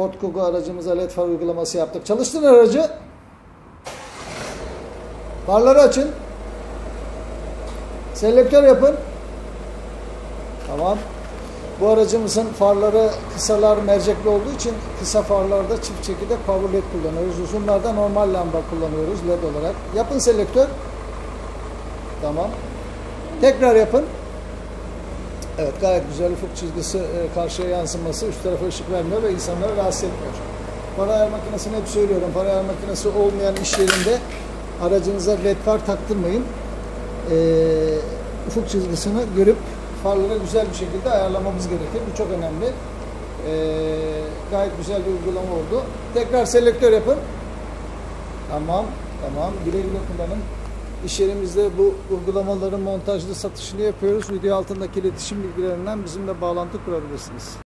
Ford Kuga aracımıza led far uygulaması yaptık. Çalıştırın aracı. Farları açın. Selektör yapın. Tamam. Bu aracımızın farları kısalar mercekli olduğu için kısa farlarda çift çekirdek power led kullanıyoruz. Uzunlarda normal lamba kullanıyoruz led olarak. Yapın selektör. Tamam. Tekrar yapın. Evet gayet güzel ufuk çizgisi e, karşıya yansıması üst tarafa ışık vermiyor ve insanları rahatsız etmiyor. Para ayar makinesini hep söylüyorum. Para ayar makinesi olmayan iş yerinde aracınıza led far taktırmayın. E, ufuk çizgisini görüp farları güzel bir şekilde ayarlamamız gerekir. Bu çok önemli. E, gayet güzel bir uygulama oldu. Tekrar selektör yapın. Tamam, tamam. Güle güle kullanın. İş yerimizde bu uygulamaların montajlı satışını yapıyoruz. Video altındaki iletişim bilgilerinden bizimle bağlantı kurabilirsiniz.